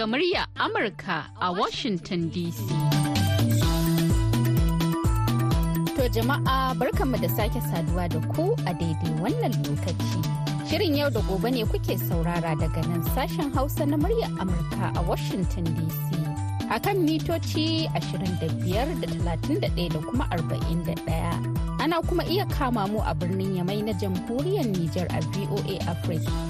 daga murya Amurka a Washington DC. To jama'a barkanmu da sake saduwa da ku a daidai wannan lokaci. Shirin yau da gobe ne kuke saurara daga nan sashen Hausa na murya Amurka a Washington DC. A kan mitoci 25 da 31 da kuma 41. Ana kuma iya kama mu a birnin Yamai na jamhuriyar Nijar a VOA Africa.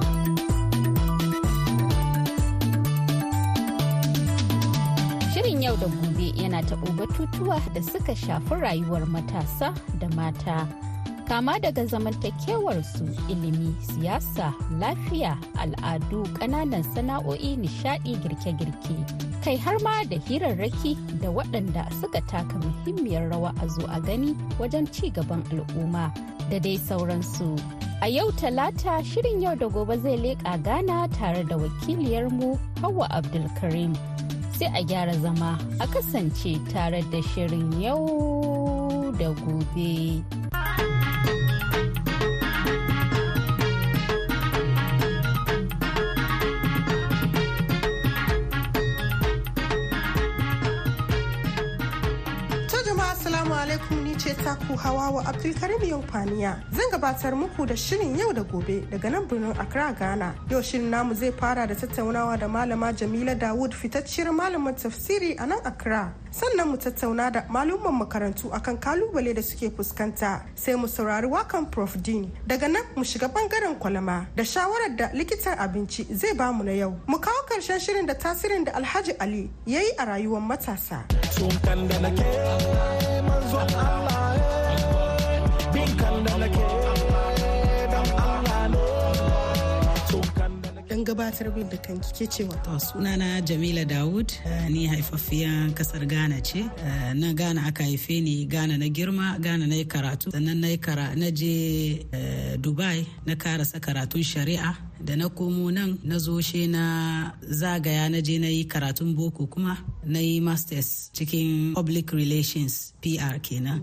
yau da gobe yana taɓo batutuwa da suka shafi rayuwar matasa da mata. Kama daga zamantakewarsu ilimi, siyasa, lafiya, al'adu, ƙananan sana'o'i, nishaɗi, girke-girke. Kai har ma da hirarraki da waɗanda suka taka muhimmiyar rawa a zo a gani wajen ci gaban al'umma da dai sauransu. A yau talata shirin yau da gobe zai leƙa gana tare da wakiliyarmu hawa Abdulkarim. sai a gyara zama a kasance tare da shirin yau da gobe. ce taku hawawa Abdulkarim yau faniya. Zan gabatar muku da shirin yau da gobe daga nan birnin Accra Ghana. Yau shirin namu zai fara da tattaunawa da malama Jamila Dawud fitacciyar malamar tafsiri a nan Accra. Sannan mu tattauna da malumman makarantu akan kalubale da suke fuskanta. Sai mu saurari wakan Prof Dean. Daga nan mu shiga bangaren kwalama da shawarar da likitan abinci zai bamu na yau. Mu kawo karshen shirin da tasirin da Alhaji Ali ya yi a rayuwar matasa. Allah gabatar min da kanki ke cewa to na jamila dawud ni haifaffiyan kasar ghana ce eh, na ghana aka haife ni ghana na girma ghana na yi karatu sannan na je eh, dubai na karasa karatun shari'a da na komo nan na zo she na zagaya na je na yi karatun boko kuma na yi masters cikin public relations pr kenan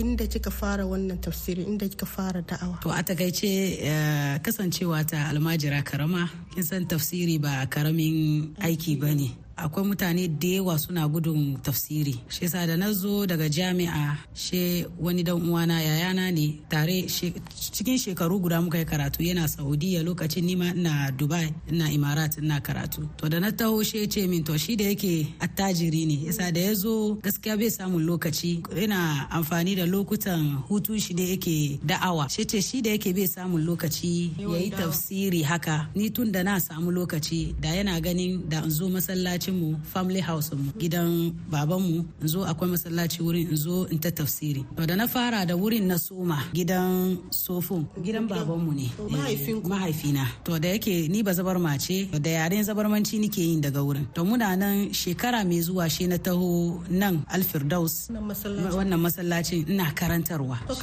inda kika fara wannan tafsiri inda kika fara da'awa to a takaice eh, kasancewa ta almajira karama kin san tafsiri ba karamin aiki ba ne. akwai mutane da yawa suna gudun tafsiri shi yasa da na zo daga jami'a she wani dan uwana yayana ne tare cikin shekaru guda muka yi karatu yana saudiya lokacin nima na dubai na imarat na karatu to da na taho she ce min to shi da yake attajiri ne yasa da ya zo gaskiya bai samun lokaci yana amfani da lokutan hutu shi da yake da'awa shi ce shi da yake bai samun lokaci yayi tafsiri haka ni tun da na samu lokaci da yana ganin da in zo masallaci mu family house mu gidan mu in zo akwai masallaci wurin in zo in ta tafsiri to da na fara da wurin na soma gidan sofon gidan baban mu ne eh, mahaifina to da yake ni ba zabar mace da yaren zabarmanci nike yin daga wurin to muna nan shekara mai zuwa shi na taho nan alfirdaus wannan masallacin ina karantarwa to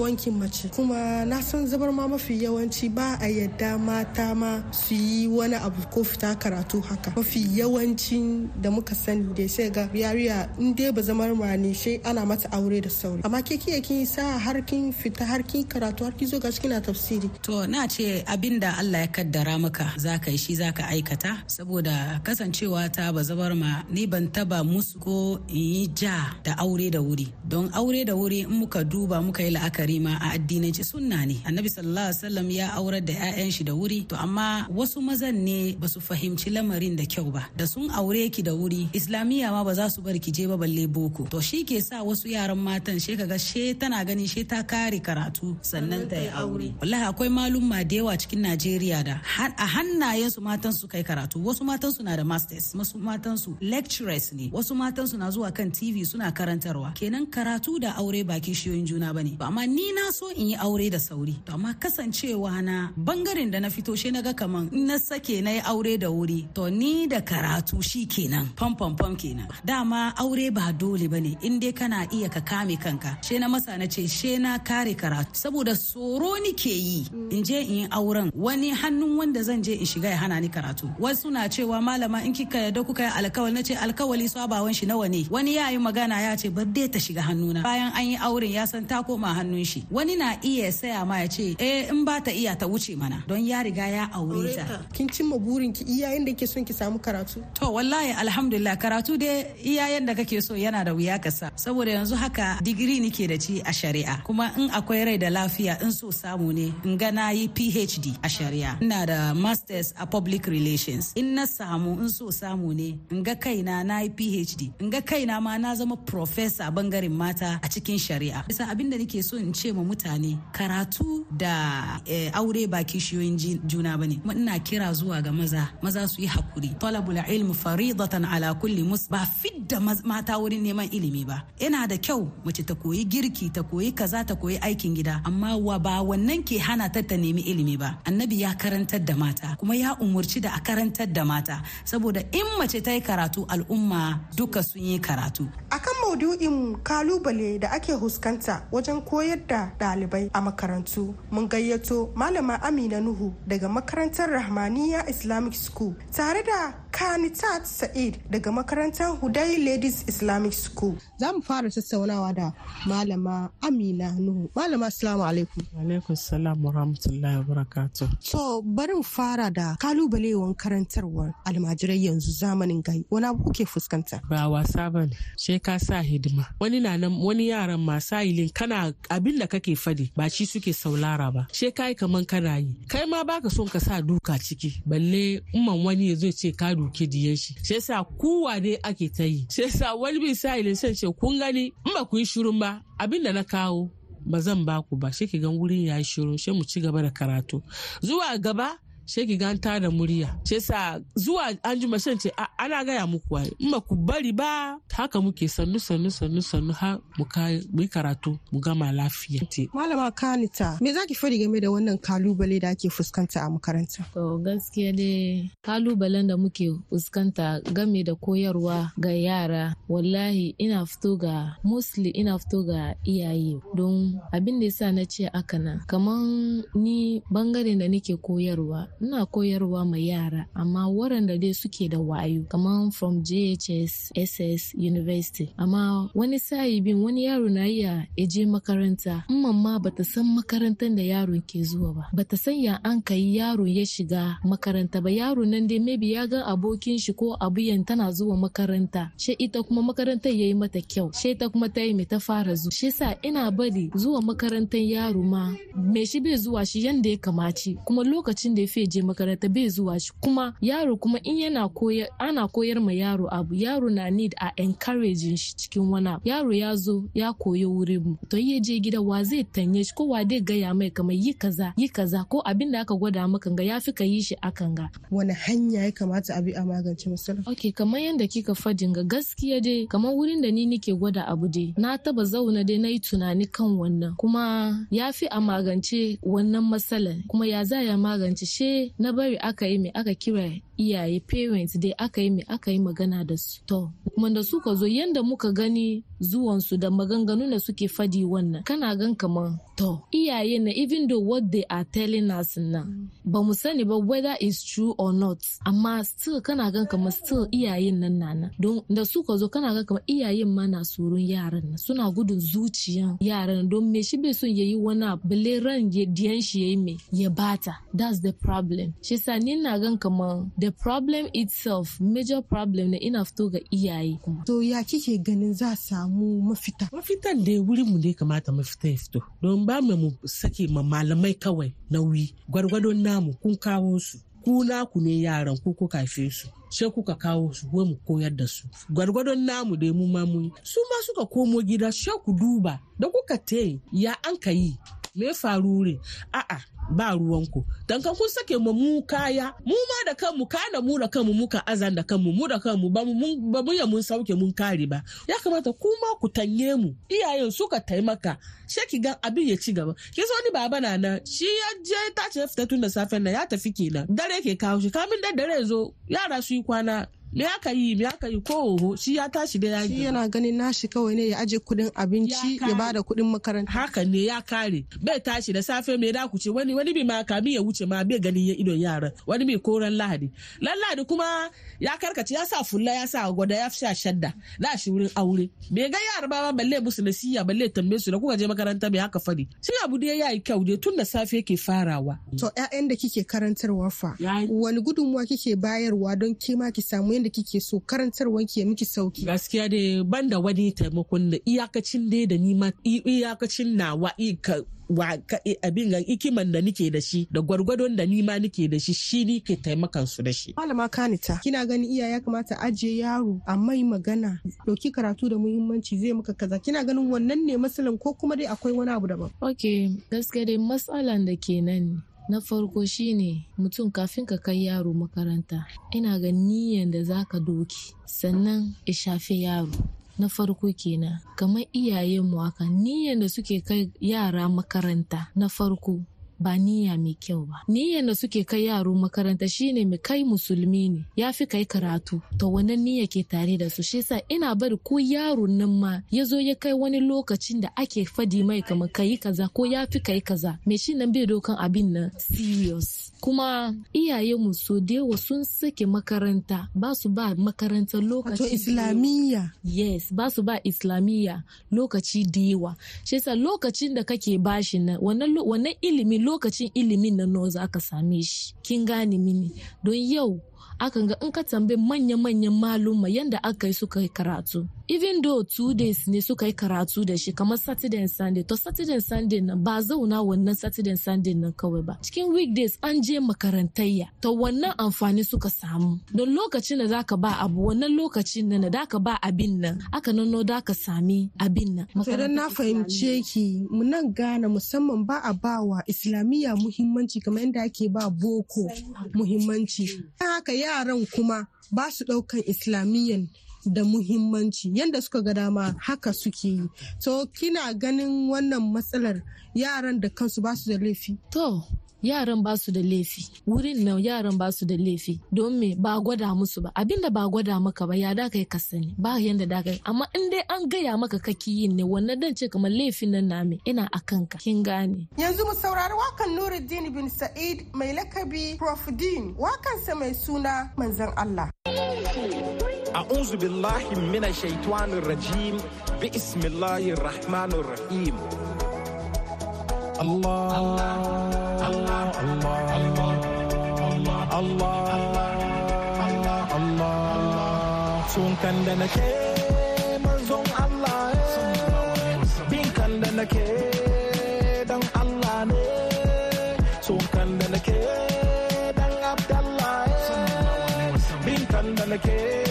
wankin mace kuma na san zabar ma mafi yawanci ba a yadda mata ma su yi wani abu ko fita karatu haka mafi yawanci yawancin da muka sani da sai ga yariya in dai ba zama ne sai ana mata aure da sauri amma ke kiyaye kin sa har kin fita har kin karatu har kin zo gashi kina tafsiri to na ce abin da Allah ya kaddara maka zaka yi shi zaka aikata saboda kasancewa ta ba zama ma ni ban taba musu ko in yi ja da aure da wuri don aure da wuri in muka duba muka yi la'akari ma a addinance sunna ne annabi sallallahu alaihi wasallam ya aurar da 'ya'yan shi da wuri to amma wasu mazan ne ba su fahimci lamarin da kyau ba da sun aure ki da wuri islamiyya ma ba za su bar ki je ba balle boko to shi ke sa wasu yaran matan she kaga she tana ganin she ta kare karatu sannan ta yi aure wallahi akwai ma da yawa cikin Najeriya da a hannayen su matan su kai karatu wasu matan su na da masters wasu matan su lecturers ne wasu matan su na zuwa kan TV suna karantarwa kenan karatu da aure ba kishiyoyin juna bane ba amma ni na so in yi aure da sauri to amma kasancewa na bangaren da na fito she ga kaman na sake na yi aure da wuri to ni da karatu shi kenan fam fam fam kenan dama aure ba dole bane in dai kana iya ka kame kanka she na masa na ce she na kare karatu saboda tsoro nike yi in je in yi auren wani hannun wanda zan je in shiga ya hana ni karatu wasu na cewa malama in kika yarda kuka yi alkawali nace alkawali sabawan shi nawa ne wani ya yi magana ya ce bar dai ta shiga hannuna bayan an yi auren ya san ta koma hannun shi wani na iya saya ma ya ce eh in ba ta iya ta wuce mana don ya riga ya aure ta kin cimma burin ki iyayen da ke son ki samu karatu to wallahi alhamdulillah karatu dai iya yadda kake so yana da wuya kasa. saboda yanzu haka digiri nike da ci a shari'a kuma in akwai rai da lafiya in so samu ne in ga na yi PhD a shari'a ina da masters a public relations in na samu in so samu ne in ga kaina na yi PhD in ga kaina ma na zama professor bangaren mata a cikin shari'a bisa abin da nake so in ce ma mutane karatu da eh, aure ba kishiyoyin juna bane ina kira zuwa ga maza maza su yi hakuri talabul ilmi ilimi faridatan ala kulli mus ba fidda mata wurin neman ilimi ba yana da kyau mace ta koyi girki ta koyi kaza ta koyi aikin gida amma wa ba wannan ke hana ta ta nemi ilimi ba annabi ya karantar da mata kuma ya umurci da a karantar da mata saboda in mace ta yi karatu al'umma duka sun yi karatu akan maudu'in kalubale da ake huskanta wajen koyar da ɗalibai a makarantu mun gayyato malama amina nuhu daga makarantar rahmaniya islamic school tare da Kanitat Sa'id daga makarantar Hudai Ladies Islamic School. Za mu fara tattaunawa da Malama Amina Nuhu. Malama Assalamu alaikum. Alaikum salam wa rahmatullahi wa barakatu. So bari mu fara da wa karantarwar almajirai yanzu zamanin gai. Wani abu kuke fuskanta? Ba wasa ba ne. Sai ka sa hidima. Wani na nan wani yaran masu ilin kana abin da kake fadi ba shi suke saulara ba. Sai yi kaman kana yi. Kai ma baka son ka sa duka ciki. Balle umman wani ya zo ce ka doki diyan shi shi yasa kowa ne ake ta yi shi yasa wani bin sa sai ce kun gani in ba ku yi shirin ba abin da na kawo ba zan ba ku ba shi ki gan wurin ya yi shiru shi mu ci gaba da karatu zuwa gaba she ki ganta da murya she sa zuwa an ji mashin ce ana gaya muku waye in ba ku bari ba haka muke sannu sannu sannu sannu har mu kai mu karatu mu gama lafiya malama kanita me zaki fadi game da wannan kalubale da ake fuskanta a makaranta to gaskiya dai kalubalen da muke fuskanta game da koyarwa ga yara wallahi ina fito ga mostly ina fito ga iyaye don abin da yasa na ce aka nan kaman ni bangaren da nake koyarwa ina koyarwa ma yara amma waɗanda dai suke da wayo kamar from jhs ss university amma wani sa'i bin wani yaro na iya je makaranta in mamma bata san makarantar da yaron ke zuwa ba bata san ya an kai yaro ya shiga makaranta ba yaro nan dai maybe ya ga abokin shi ko abuyan tana zuwa makaranta she ita kuma makarantar yayi mata kyau she ita kuma ta yi ta fara zuwa shi sa ina bari zuwa makarantar yaro ma me shi bai zuwa shi yanda ya kamaci kuma lokacin da ya fi je makaranta bai zuwa shi kuma yaro kuma in yana koyar ana koyar ma yaro abu yaro na need a encouraging shi cikin wani yaro ya zo ya koyo wurin mu to ya je gida wa zai tanye shi ko wa dai gaya mai kamar yi kaza yi kaza ko abin da aka gwada maka ga yafi ka yi shi akan ga wani hanya ya kamata abi a magance matsalar okay kamar yadda kika fadin ga gaskiya dai kamar wurin da ni nike gwada abu dai na taba zauna dai na yi tunani kan wannan kuma ya fi a magance wannan matsalar kuma ya za ya magance shi. na bari aka yi mai aka kira iyaye parents dai aka yi mai aka yi magana da su to kuma da suka zo yadda muka gani zuwansu da maganganu da suke fadi wannan kana gan kamar to iyaye na even though what they are telling us na ba mu sani ba whether is true or not amma still kana gan kamar still iyayen nan nana don da ka zo kana gan kamar iyayen ma na surun yaran na suna gudun zuciyan yaran don me shi bai son yayi wani abu balle ran diyan shi yayi me ya bata that's the problem shi sa ni na gan kamar the problem itself major problem na ina fito ga iyaye kuma to ya kike ganin za samu samu mafita mafitan da wuri mu ne kamata mafita ya fito don ba mu sake ma malamai kawai nauyi gwargwadon namu kun kawo su ku ne yaran ku kuka fi su sai kuka kawo su wai mu koyar da su gwargwadon namu da mu ma su ma suka komo gida sai ku duba da kuka te ya an ka yi me faru ne a'a ba ruwanku dan kan kun sake mu mu kaya mu ma da kanmu kana mu da kanmu muka azan da kanmu mu da kanmu ba mu ba mu ya mun sauke mun kare ba ya kamata kuma ku tanye mu iyayen suka taimaka sai ki ga abin ya ci gaba ki wani baba na nan shi ya je ta ce fita tun da safen nan ya tafi kenan dare ke kawo shi kamin da dare zo yara su yi kwana me aka yi me aka yi ko oho shi ya tashi da yaji shi yana ganin nashi kawai ne ya aje kudin abinci ya bada kudin makaranta haka ne ya kare bai tashi da safe me da ku ce wani wani bi ma ya wuce ma bai ganin ya ido yara wani bi koran lahadi lan lahadi kuma ya karkace ya sa fulla ya sa gwada ya sha shadda da shi wurin aure bai ga yara ba balle musu nasiya balle tambaye su da kuka je makaranta bai haka fadi sai abu dai yayi kyau dai tun da safe yake farawa to ƴaƴan da kike karantarwa fa wani gudunmuwa kike bayarwa don ke ma ki samu yadda kike so karantarwan ki ya miki sauki gaskiya dai banda wani taimakon da iyakacin dai da nima iyakacin nawa abin ga ikiman da nike da shi da gwargwadon da nima nike da shi shi nike taimakan su da shi malama kanita kina gani iya ya kamata ajiye yaro a mai magana dauki karatu da muhimmanci zai maka kaza kina ganin wannan ne masalan ko kuma dai akwai wani abu daban okay gaskiya dai matsalan da ke nan na farko shine mutum kafin ka kai yaro makaranta ina ga niyan da zaka doki sannan ya shafi yaro na farko kenan kamar iyayen mu haka niyan da suke kai yara makaranta na farko ba niyya mai kyau ba niya da suke kai yaro makaranta shine mai kai musulmi ne ya fi kai karatu to wannan niyya ke tare da su shi sa ina bari ko yaro nan ma ya zo ya kai wani lokacin da ake fadi mai kamar kai kaza ko ya fi kai kaza me shi nan bai dokan abin nan serious kuma iyaye mu so da sun sake makaranta ba su ba makaranta lokaci islamiyya yes ba su ba islamiyya lokaci da yawa shi sa lokacin da kake bashi nan wannan ilimi lokacin ilimin nan nawa za ka same shi kin gane mini don yau akan ga in ka tambayi manya-manyan maluma yanda aka yi suka yi karatu even though two days ne suka yi karatu da shi kamar saturday and sunday to saturday and sunday nan ba zauna wannan saturday and sunday nan kawai ba cikin weekdays an je makarantayya to wannan amfani suka samu don lokacin da zaka ba abu wannan lokacin nan da ka ba abin nan aka nanno da ka sami abin nan Sai na fahimce ki mu nan gane musamman ba a ba wa islamiyya muhimmanci kamar yadda ake ba boko muhimmanci haka ya yaran kuma ba su ɗaukan islamiyyan da muhimmanci yadda suka ga dama haka suke yi to kina ganin wannan matsalar yaran da kansu ba su da laifi to yaran ba su da laifi wurin na yaran ba su da laifi don me ba gwada musu ba abinda ba gwada maka ba ya da kai ka sani ba yanda da kai amma in dai an gaya maka kaki yin ne wannan dan ce kamar laifin nan na me ina akan ka kin gane yanzu mu saurari wakan Nuruddin bin Sa'id mai lakabi Prof Din wakansa mai suna manzon Allah أعوذ بالله من الشيطان الرجيم بسم الله الرحمن الرحيم الله sun kan da nake manzon Allah bin kan da nake dan Allah ne sun kan da nake dan Abdallah bin kan da nake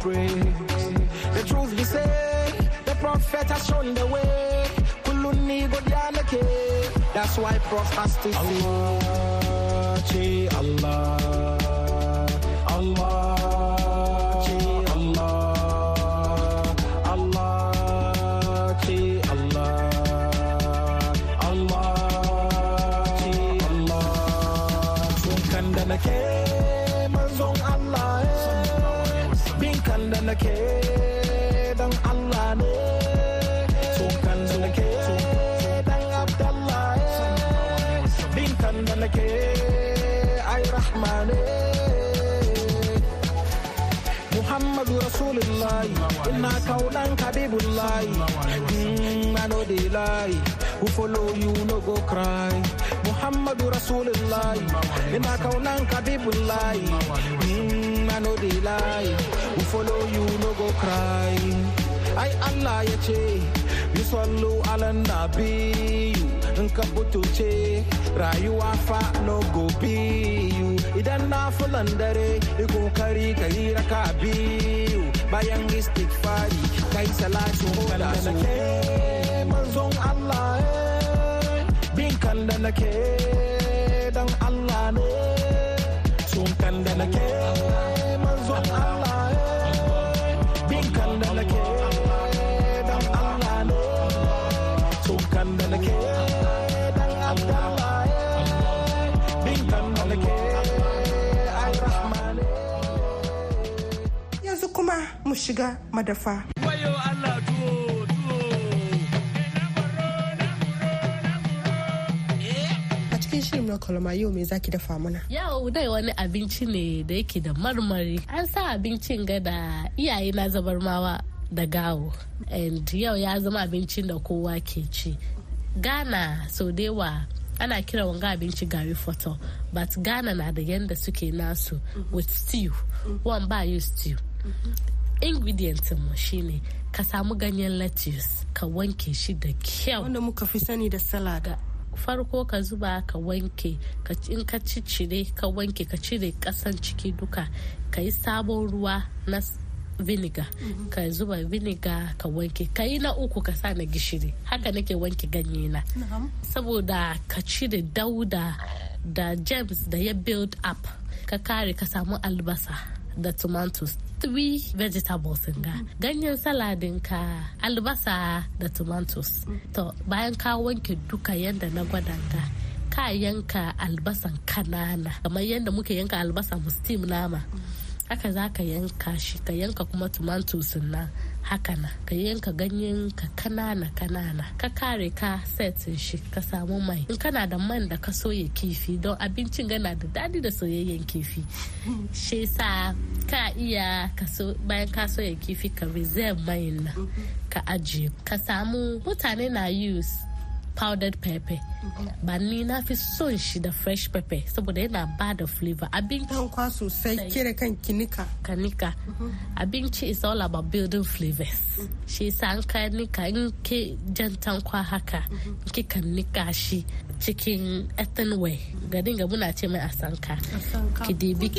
praise. The truth we say, the prophet has shown the way. go That's why prophet is Allah, Allah. rasulullahi inna na kawo dan kabibullahi mm, i no dey lie who follow you no go cry muhammadu rasulullahi inna na kawo dan kabibullahi mm, i no dey lie who follow you no go cry ai allah ya ce yusallu ala nabi. in ka butuce rayuwa fa no go you idan na fulan dare yi kokari ka ka ka biyu bayan istighfari kai salatin hoda su manzon Allah eh, bin kan da nake dan Allah ne sun kan da nake manzon Allah shiga madafa. shirin na kwalama yau me zaki dafa mana? Yau dai wani abinci ne da yake da marmari. An sa abincin gada iyaye na zabar mawa da gawo. And yau ya zama abincin da kowa ke ci. Ghana sau dai wa ana kira wanga abinci gari foto but Ghana na da yanda suke nasu with stew. One ba yi stew. ingredient mu shine ka samu ganyen lettuce ka wanke shi da kyau wanda muka fi sani da salad farko ka zuba ka wanke in ka cire ka wanke ka cire kasan ciki duka ka yi sabon ruwa na vinegar mm -hmm. ka zuba vinegar ka wanke ka yi na uku ka sa na gishiri haka nake wanke ganye na saboda ka cire dauda da jams da ya build up ka kare ka samu albasa da tomatoes three vegetables ga mm-hmm. ganyen saladin ka albasa da tomatoes mm-hmm. to bayan ka wanke duka yadda na gwada ka ka yanka albasan kanana kamar yadda muke yanka albasa mu steam nama mm-hmm. haka za ka yanka shi ka yanka kuma tumatus nan haka na ka yanka ganyen ka kanana kanana ka kare ka setin shi ka samu mai in kana da man da ka soya kifi don abincin gana da dadi da soyayyen kifi shi sa ka iya bayan ka soya kifi ka reserve mai na ka ajiye ka samu mutane na use powdered pepper mm-hmm. ba ni na fi son shi da fresh pepper saboda yana ba da flavor abinci dan kwa sosai kire kan kinika kanika abinci mm-hmm. is all about building flavors mm-hmm. shi sa an ka nika in ke jan tankwa haka ki kan nika shi cikin ethanol garin ga muna ce mai asanka ki dibi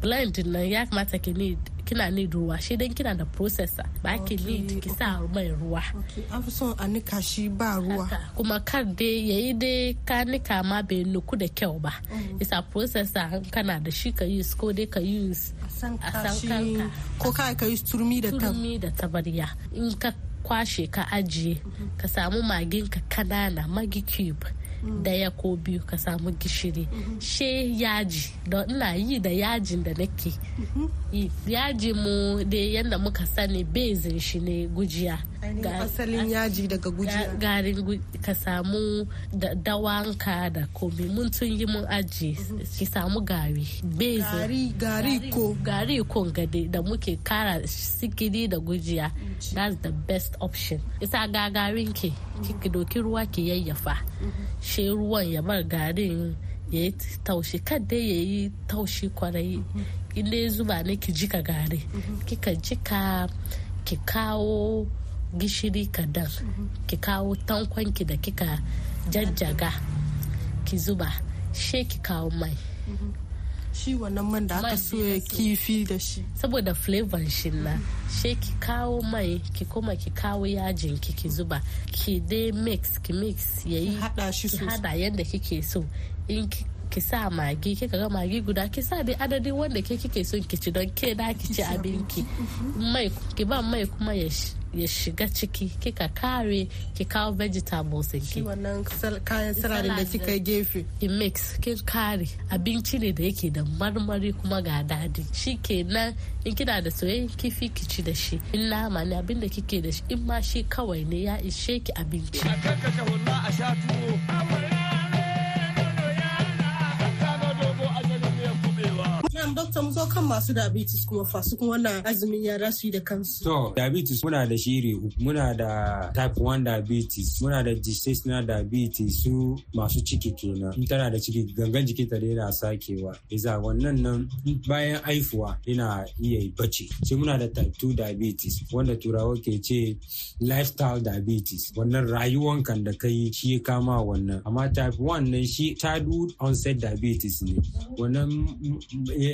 blend nan ya kamata ki need kina ne ruwa shi dan kina da processor ba ki lead ki sa mai ruwa an fi son a nika shi ba ruwa kuma kar dai yayi dai ka nika ma bai nuku da kyau ba mm. isa processor kana da shi ka use ko dai ka use a san kanka ko kai ka use turmi da turmi da tabariya in ka kwashe ka ajiye mm-hmm. ka samu maginka kanana magi cube daya ko biyu ka samu gishiri she yaji don ina yi da yajin da nake mhm. yaji mu da yadda muka sani bezin shi ne gujiya asalin yaji daga gujiya gari ka samu dawanka da komi mun tun yi mun aji mhm. ki samu gari bezi gari ko gari ko gade da muke kara sikiri da gujiya that's the best option isa ga garin ki ki mhm. doki ruwa ki yayyafa mhm. she ruwan ya bar garin ya yi taushi kadai ya yi taushi kwarai ile zuba ne ki jika gari kika jika ki kawo gishiri kadar ki kawo tankwanki da kika jajjaga ki zuba she ki kawo mai shi wannan man da aka soya kifi da shi saboda flavor shi na she ki kawo mai ki kuma ki kawo yajin ki ki zuba ki dai mix ki mix yayi hada shi hada yanda kike so in ki sa magi kika ga magi guda ki sa dai adadin wanda ke kike son ki ci don ke da ki ci abinki mai ki ba mai kuma ya ya shiga ciki kika kare ki kawo vegetables ki wannan kayan sirarin da kika gefe ki mix ki kare abinci ne da yake da marmari kuma ga dadi shi kenan in kina da soyayyen kifi ki ci da shi in nama ne abin da kike da shi in ma shi kawai ne ya ishe ki abinci a sha tuwo malam dokta mu zo kan masu diabetes kuma fa su kuma wannan azumin ya rasu da kansu to diabetes muna da shiri muna da type 1 diabetes muna da gestational diabetes su masu ciki kenan in tana da ciki gangan jikinta da yana sakewa iza wannan nan bayan haifuwa yana iya bace sai muna da type 2 diabetes wanda turawa ke ce lifestyle diabetes wannan rayuwan kan da kai shi ya kama wannan amma type 1 nan shi childhood onset diabetes ne wannan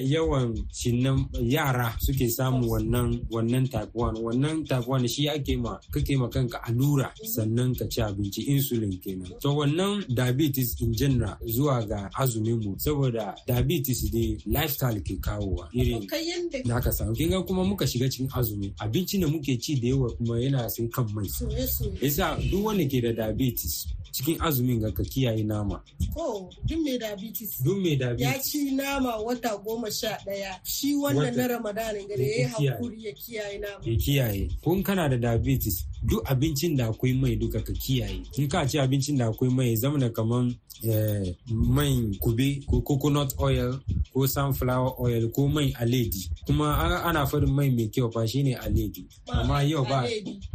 yawan cinnan yara suke samun wannan wannan type 1 wannan type 1 shi ake ma kake ma kanka allura sannan ka ci abinci insulin kenan to wannan diabetes in general zuwa ga azumin mu saboda diabetes dai lifestyle ke kawowa irin da aka samu kinga kuma muka shiga cikin azumi abinci da muke ci da yawa kuma yana sai kan mai yasa duk wanda ke da diabetes cikin azumin ga ka kiyaye nama ko oh, duk mai diabetes duk mai diabetes ya ci nama wata goma sha ɗaya shi wannan na ramadanin gari ya yi hakuri ya kiyaye na. Ya kiyaye. Kun kana da diabetes duk abincin da akwai mai duka ka kiyaye in ka ci abincin da akwai mai zama da kaman eh, mai kube ko coconut oil ko sunflower oil ko mai aledi kuma ana farin mai mai kyau fa shine aledi amma yau ba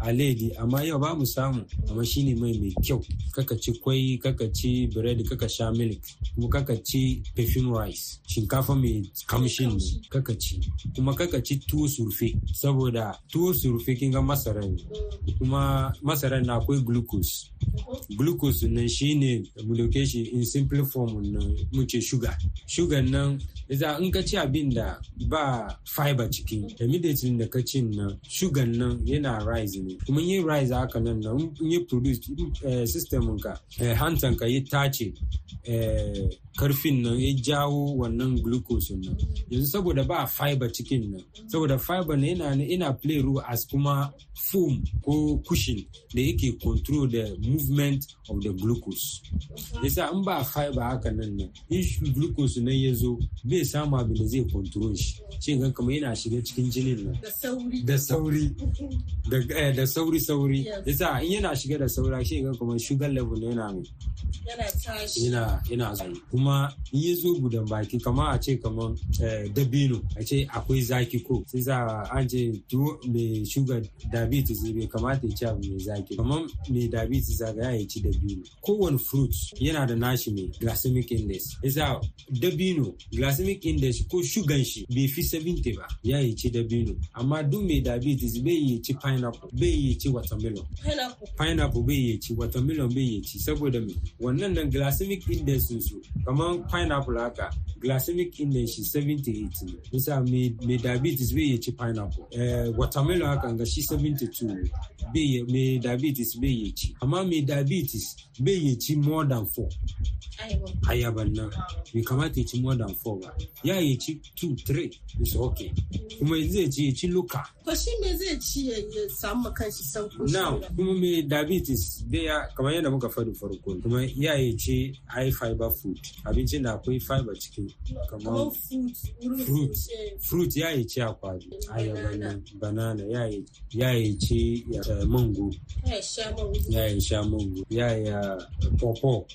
aledi amma yau ba mu samu amma shine mai mai kyau kaka ci kwai kaka ci bread kaka sha milk kuma kaka ci perfume rice shinkafa mai kamshin kaka ci kuma kaka ci tuwo surfe saboda tuwo surfe kin ga masara ne mm. kuma masarar na akwai glucose glucose nan shine ne in simple form na muce sugar sugar nan za in ka ci abin da ba fiber cikin immediately da ka ci nan sugar nan yana rise ne kuma yin rise haka nan nan yi produce eh, system ka eh, hantanka yi tace eh, karfin nan ya jawo wannan glucose nan yanzu saboda ba fiber cikin nan saboda fiber na yana ina play role as kuma foam ko cushion da yake control the movement of the glucose yasa an ba fiber haka nan nan in glucose nan ya zo bai samu abu da zai control shi shi kan kamar yana shiga cikin jinin nan da sauri da sauri eh, sauri yasa in yana shiga da sauri shi kan kamar sugar level yana yana yana kuma kuma in ya zo baki kama a ce kaman eh, dabino a ce akwai zaki ko sai za an ce tuwo mai shuga diabetes bai kamata ya ci abu mai zaki kaman mai diabetes zaga ya ci dabino kowane fruit yana da nashi mai glycemic index yasa dabino glycemic index ko shugan shi bai fi 70 ba ya yi ci dabino amma duk mai diabetes bai yi ci pineapple bai yi ci watermelon pineapple bai yi ci watermelon bai yi ci saboda me wannan nan glycemic index su Among pineapple haka glycemic index is 78 ne me, me, diabetes bai ya pineapple eh, watermelon haka ga 72 ne mai diabetes bai ya ci me, diabetes bai ya more than 4 ayaban nan me, kamata ya ci more than 4 ba ya ya 2 3 bisa ok kuma zai ci eh, ya ci luka to shi me zai ci ya samu kanshi sauƙi now kuma mai diabetes bai ya kamar yadda muka faru farko kuma ya ya ci high fiber food abincin da akwai fiber ciki kamar fruit eh, fruit ya yi ci akwai ayaba banana ya yi ci eh, mango ya yi sha mango ya yi popo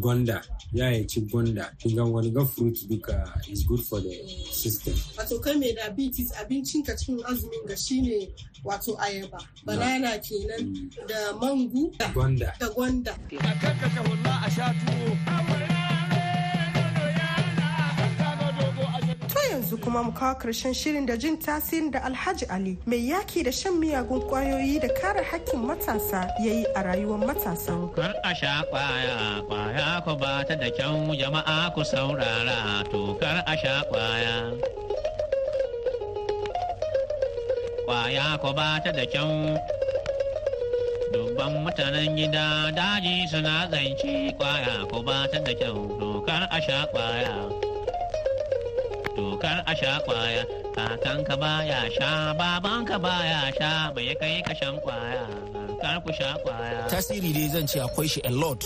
gwanda ya yi ci gwanda kinga wani ga fruit duka is good for the system wato kai mai diabetes abincin ka cikin azumin ga shine wato ayaba banana kenan mm. da mango da gwanda da gwanda a wallah a sha tuwo yanzu kuma mu kawo karshen shirin da jin tasirin da Alhaji Ali mai yaki da shan miyagun kwayoyi da kare hakkin matasa ya yi a rayuwar matasa. Kar a sha kwaya, kwaya ku ba ta da kyau jama'a ku saurara to kar a sha kwaya. Kwaya ku ba ta da kyau dubban mutanen gida daji suna zance kwaya ku ba ta da kyau dokar a sha kwaya. tokar a sha kwaya ka baya sha baban ka baya sha bai kai ka kwaya kar ku sha kwaya tasiri dai zan ce akwai shi a lot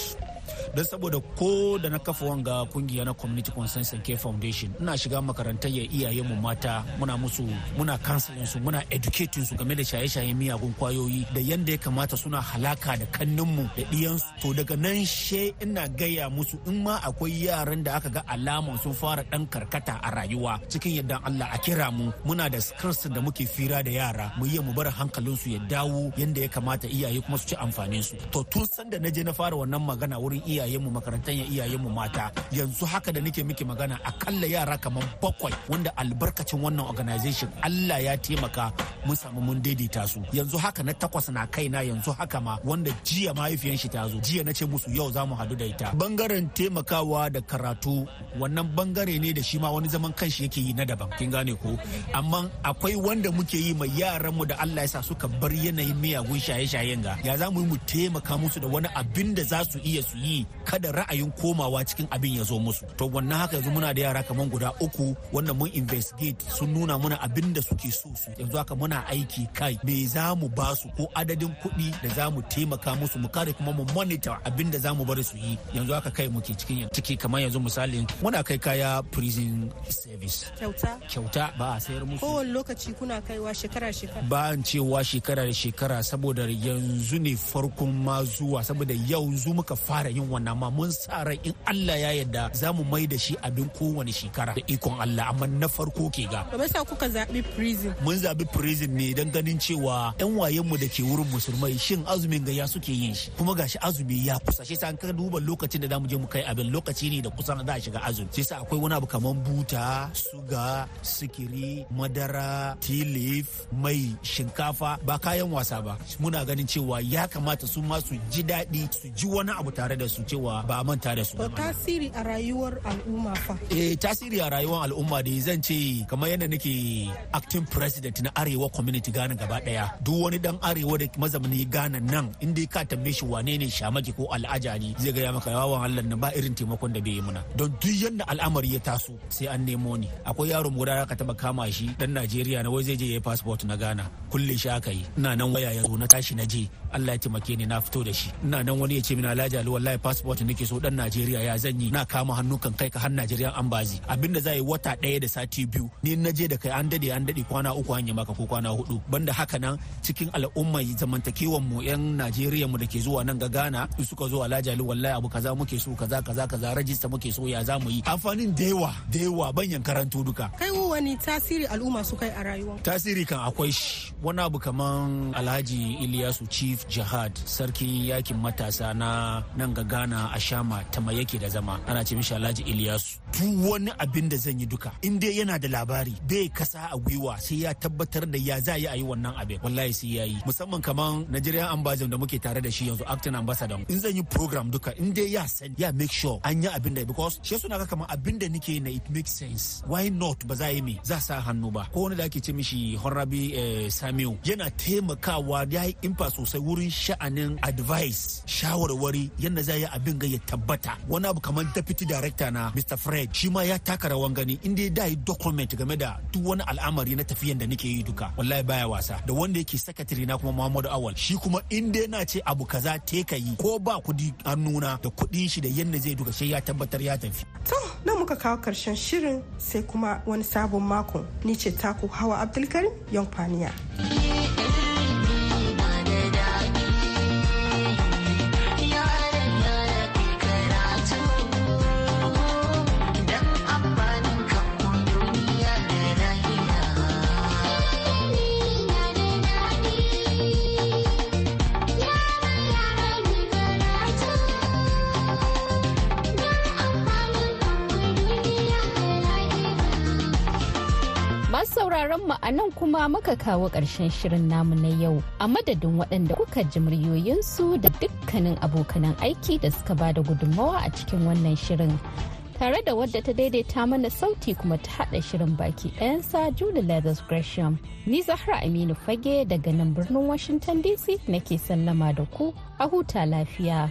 don saboda ko da na kafa wanga kungiya na community consensus and care foundation ina shiga makarantar ya iyaye mu mata muna musu muna counseling su muna educating su game da shaye-shaye miyagun kwayoyi da yanda ya kamata suna halaka da kannin mu da diyan su to daga nan she ina gaya musu in ma akwai yaran da aka ga alaman sun fara dan karkata a rayuwa cikin yadda Allah a kira mu muna da skills da muke fira da yara mu yi mu bar hankalin su ya dawo yanda ya kamata iyaye kuma su ci amfanin su to tun sanda na je na fara wannan magana wurin iyaye iyayenmu makarantar iyayenmu mata yanzu haka da nake miki magana akalla yara kamar bakwai wanda albarkacin wannan organization Allah ya taimaka mun samu mun daidaita su yanzu haka na takwas na kai na yanzu haka ma wanda jiya mahaifiyan shi ta zo jiya na ce musu yau zamu hadu da ita bangaren taimakawa da karatu wannan bangare ne da shi ma wani zaman kanshi yake yi na daban kin gane ko amma akwai wanda muke yi ma yaran mu da Allah ya sa suka bar yanayin miyagun shaye-shayen ga ya za mu yi mu taimaka musu da wani abin da za su iya su yi kada ra'ayin komawa cikin abin ya zo musu to wannan haka yanzu muna da yara kaman guda uku wanda mun investigate sun nuna muna abin da suke so su yanzu haka muna aiki kai me za mu ba su ko adadin kuɗi da za mu taimaka musu mu kare kuma mu monitor abin da za mu bari su yi yanzu haka kai muke cikin ciki kamar yanzu misalin muna kai kaya prison service kyauta kyauta ba a sayar musu kowane lokaci kuna kaiwa shekara shekara ba an cewa shekara shekara saboda yanzu ne farkon ma zuwa saboda yanzu muka fara yin wannan wannan ma mun sa rai in Allah ya yarda za mu mai da shi abin kowane shekara da ikon Allah amma na farko ke ga. Ba sa kuka zaɓi prison? Mun zaɓi prison ne don ganin cewa 'yan wayenmu da ke wurin musulmai shin azumin ga ya suke yin shi kuma gashi azumi ya kusa shi sa ka duba lokacin da zamu je mu kai abin lokaci ne da kusan za a shiga azumi shi sa akwai wani abu kamar buta suga sikiri madara tilif mai shinkafa ba kayan wasa ba muna ganin cewa ya kamata su ma su ji daɗi su ji wani abu tare da su cewa ba a manta da su. tasiri a rayuwar al'umma fa. eh tasiri a rayuwar al'umma da zan ce kamar yadda nake acting president na arewa community gana gaba daya duk wani dan arewa da mazamani ghana nan inda ka tambaye shi wane ne shamaki ko al'ajani zai gaya maka yawan allah na ba irin taimakon da bai yi muna don duk yadda al'amari ya taso sai an nemo ni akwai yaro guda ka taba kama shi dan najeriya na wai zai je ya passport na gana kulle shi aka yi ina nan waya ya zo na tashi na je allah ya taimake ni na fito da shi ina nan wani ya ce mina alhaji wallahi passport nake so dan Najeriya ya zanyi na kama hannu kan kai ka har Najeriya bazi abinda zai wata ɗaya da sati biyu ni na je da kai an dade an dade kwana uku hanya maka ko kwana hudu banda haka nan cikin al'umma zamantakewan mu yan Najeriya mu da ke zuwa nan ga Ghana suka zo alajali wallahi abu kaza muke so kaza kaza kaza register muke so ya zamu yi amfanin da yawa da yawa banyan karanto duka kai wani tasiri al'umma su kai a rayuwa tasiri kan akwai shi wani abu kaman Alhaji Iliyasu Chief Jihad sarkin yakin matasa na nan ga Ghana ana a shama mai yake da zama ana ce mishi alhaji iliyasu duk wani abin da zan yi duka in dai yana da labari bai kasa a gwiwa sai ya tabbatar da ya za yi a yi wannan abin wallahi sai ya yi musamman kaman nigerian ambassador da muke tare da shi yanzu acting ambassador in zan yi program duka in dai ya san ya make sure an yi abin da because shi suna ga kamar abin da nake na it makes sense why not ba za yi me za sa hannu ba ko wani da ake ce mishi honorable eh, samiu yana taimakawa ya yi impa sosai wurin sha'anin advice shawarwari yadda za yi abin ga ya tabbata wani abu kamar deputy director na Mr. Fred shi ma ya taka rawan gani inda ya dai document game da duk wani al'amari na tafiyan da nake yi duka wallahi baya wasa da wanda yake secretary na kuma Muhammadu Awal shi kuma inda yana ce abu kaza te ka yi ko ba kudi hannuna da kudin shi da yanda zai duka sai ya tabbatar ya tafi to na muka kawo karshen shirin sai kuma wani sabon mako ni ce taku Hawa Abdulkarim Young Yeah. kuma muka kawo ƙarshen shirin namu na yau a madadin waɗanda kuka ji muryoyinsu da dukkanin abokanan aiki da suka ba da gudunmawa a cikin wannan shirin tare da wadda ta daidaita mana sauti kuma ta haɗa shirin baki ɗayansa Julie Leathers Gresham. Ni Zahra Aminu Fage daga nan birnin Washington DC nake sallama da ku a huta lafiya.